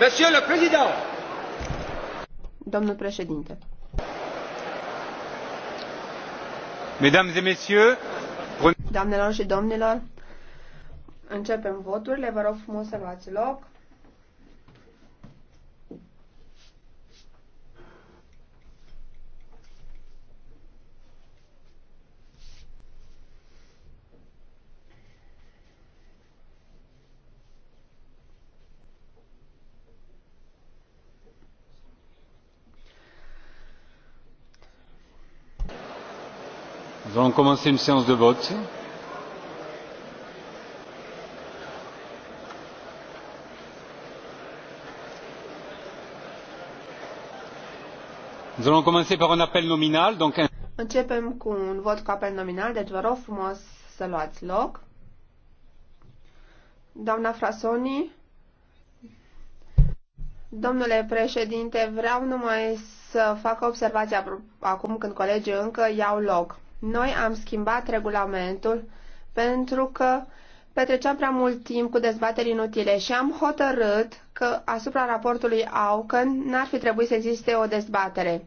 Monsieur le Président! Domnul președinte. Mesdames et messieurs, Doamnelor și domnilor, începem voturile. Vă rog frumos să luați loc. Nous allons commencer une séance de vote. Nous allons commencer par un appel nominal, donc un... Începem cu un vot cu apel nominal, deci vă rog frumos să luați loc. Doamna Frasoni, domnule președinte, vreau numai să fac observația acum când colegii încă iau loc. Noi am schimbat regulamentul pentru că petreceam prea mult timp cu dezbateri inutile și am hotărât că asupra raportului Auken n-ar fi trebuit să existe o dezbatere.